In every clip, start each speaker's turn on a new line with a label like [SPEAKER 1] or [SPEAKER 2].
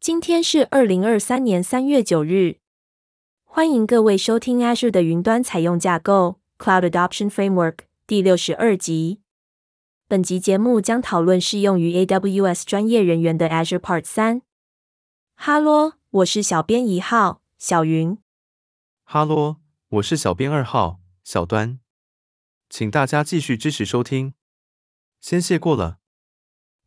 [SPEAKER 1] 今天是二零二三年三月九日，歡迎各位收聽 Azure 的雲端採用架構 Cloud Adoption Framework 第六十二集。本集節目將討論適用於 AWS 專業人員的 Azure Part 三。哈嘍，我是小編一號小雲。哈嘍，
[SPEAKER 2] 我是小編二號小端。請大家繼續支持收聽，先謝過了。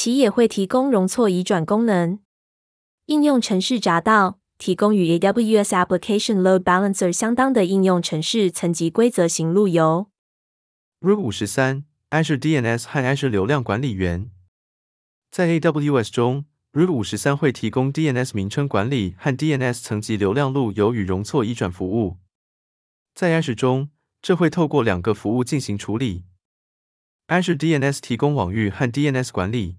[SPEAKER 1] 其也會提供容錯移轉功能。應用程式閘道提供與 AWS Application Load Balancer 相當的應用程式層級規則型路由。
[SPEAKER 2] Route 五十三，Azure DNS 和 Azure 流量管理員。在 AWS 中，Route 五十三會提供 DNS 名稱管理和 DNS 層級流量路由與容錯移轉服務。在 Azure 中，這會透過兩個服務進行處理。Azure DNS 提供網域和 DNS 管理。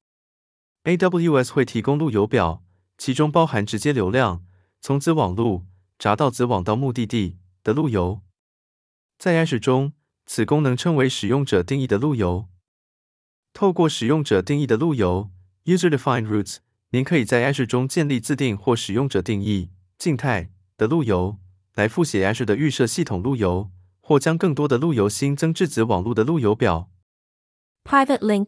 [SPEAKER 2] AWS 會提供路由表，其中包含直接流量從子網路閘到子網到目的地的路由。在 Azure 中，此功能稱為使用者定義的路由。透過使用者定義的路由 （User Defined Routes），您可以在 Azure 中建立自定或使用者定義靜態的路由，來覆寫 Azure 的預設系統路由，或將更多的路由新增至子網路的路由表
[SPEAKER 1] （Private Link）。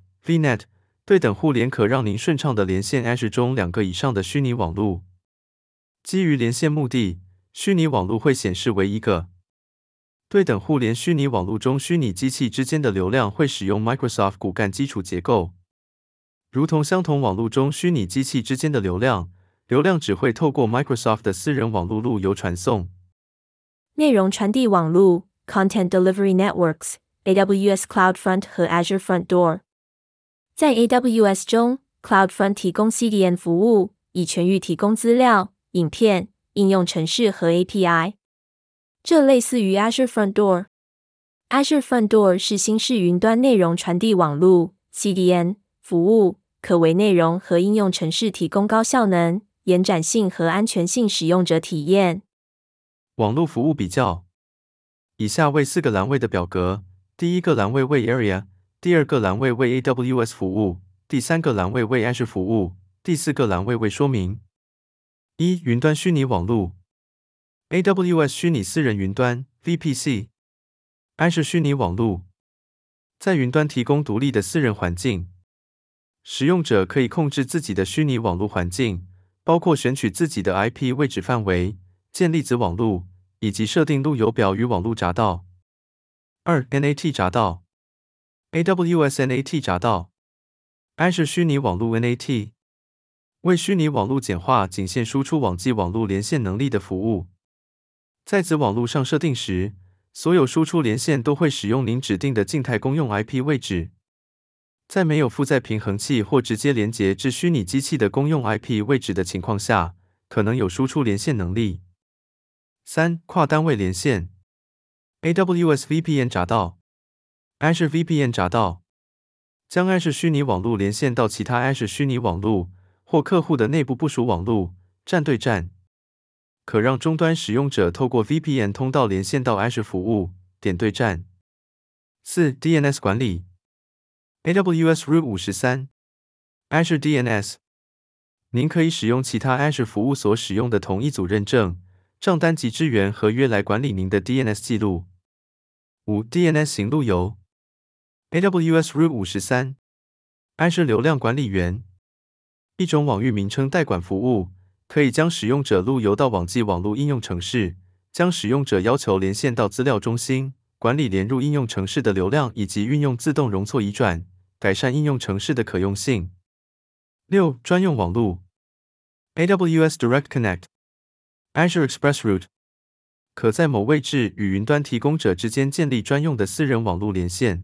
[SPEAKER 2] VNet 對等互聯可讓您順暢地連線 Azure 中兩個以上的虛擬網絡。基於連線目的，虛擬網絡會顯示為一個。對等互聯虛擬網絡中虛擬機器之間的流量會使用 Microsoft 骨幹基礎結構。如同相同網絡中虛擬機器之間的流量，流量只會透過 Microsoft 的私人網絡路，路由傳送。
[SPEAKER 1] 內容傳遞網絡 （Content Delivery Networks，AWS CloudFront 和 Azure Front Door）。在 AWS 中，CloudFront 提供 CDN 服務，以全域提供資料、影片、應用程式和 API。這類似於 Azure Front Door。Azure Front Door 是新式雲端內容傳遞網絡 c d n 服務，可為內容和應用程式提供高效能、延展性和安全性使用者體驗。
[SPEAKER 2] 網絡服務比較：以下為四個欄位的表格，第一個欄位為 Area。第二個欄位為 AWS 服務，第三個欄位為 Azure 服務，第四個欄位為說明。一、雲端虛擬網絡，AWS 虛擬私人雲端 VPC，Azure 虛擬網絡，在雲端提供獨立的私人環境，使用者可以控制自己的虛擬網絡環境，包括選取自己的 IP 位置範圍、建立子網絡以及設定路由表與網絡閘道。二、NAT 閘道。AWS NAT 閘道 Azure 虛擬網絡 NAT 為虛擬網絡簡化僅限輸出網際網絡連線能力的服務。在子網絡上設定時，所有輸出連線都會使用您指定的靜態公用 IP 位置。在沒有負載平衡器或直接連接至虛擬機器的公用 IP 位置的情況下，可能有輸出連線能力。三、跨單位連線，AWS VPN 閘道。Azure VPN 閘道。將 Azure 虛擬網絡連線到其他 Azure 虛擬網絡或客戶的內部部署網絡站對站，可讓終端使用者透過 VPN 通道連線到 Azure 服務點對站。四 DNS 管理 AWS Route 五十三 Azure DNS，您可以使用其他 Azure 服務所使用的同一組認證、賬單及支援合約來管理您的 DNS 記錄。五 DNS 行路由 AWS Route 五十三，Azure 流量管理員，一種網域名稱代管服務，可以將使用者路由到網際網路應用程式，將使用者要求連線到資料中心，管理連入應用程式的流量，以及運用自動容錯移轉，改善應用程式的可用性。六專用網路，AWS Direct Connect，Azure Express Route，可在某位置與雲端提供者之間建立專用的私人網路連線。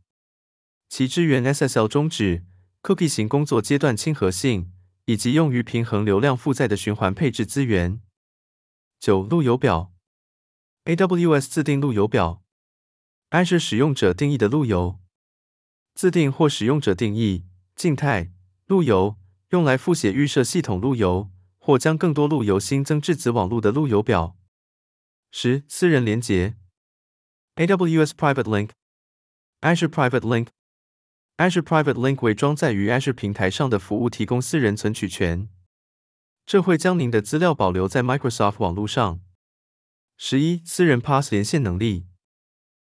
[SPEAKER 2] 其支援 SSL 終止、Cookie 型工作階段親和性，以及用於平衡流量負載的循環配置資源。九、路由表，AWS 自定路由表，Azure 使用者定義的路由，自定或使用者定義靜態路由，用來覆寫預設系統路由，或將更多路由新增至子網路的路由表。十、私人連接，AWS Private Link，Azure Private Link。Azure Private Link 為裝載於 Azure 平台上的服務提供私人存取權，這會將您的資料保留在 Microsoft 網絡上。十一、私人 PaaS 連線能力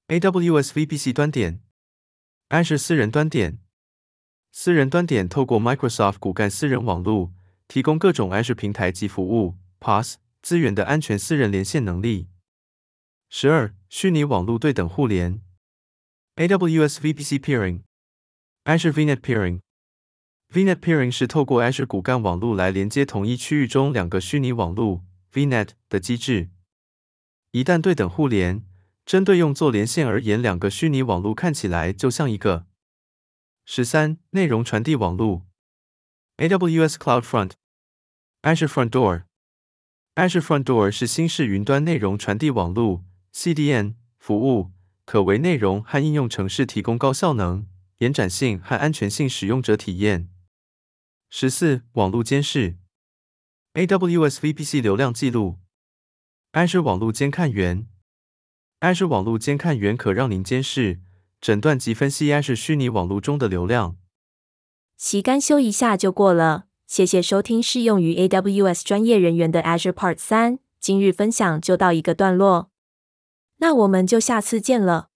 [SPEAKER 2] ，AWS VPC 端點，Azure 私人端點，私人端點透過 Microsoft 骨幹私人網絡提供各種 Azure 平台及服務 PaaS 資源的安全私人連線能力。十二、虛擬網絡對等互聯，AWS VPC Peering。Azure VNet Peering。VNet Peering 是透過 Azure 骨幹網絡來連接同一區域中兩個虛擬網絡 VNet 的機制。一旦對等互聯，針對用作連線而言，兩個虛擬網絡看起來就像一個。十三、內容傳遞網絡。AWS CloudFront。Azure Front Door。Azure Front Door 是新式雲端內容傳遞網絡 CDN 服務，可為內容和應用程式提供高效能。延展性和安全性，使用者體驗。十四，網絡監視，AWS VPC 流量記錄，Azure 網絡監看員。Azure 網絡監看員可讓您監視、診斷及分析 Azure 虛擬網絡中的流量。
[SPEAKER 1] 其干修一下就過了，謝謝收聽適用於 AWS 專業人員的 Azure Part 三，今日分享就到一個段落，那我們就下次見了。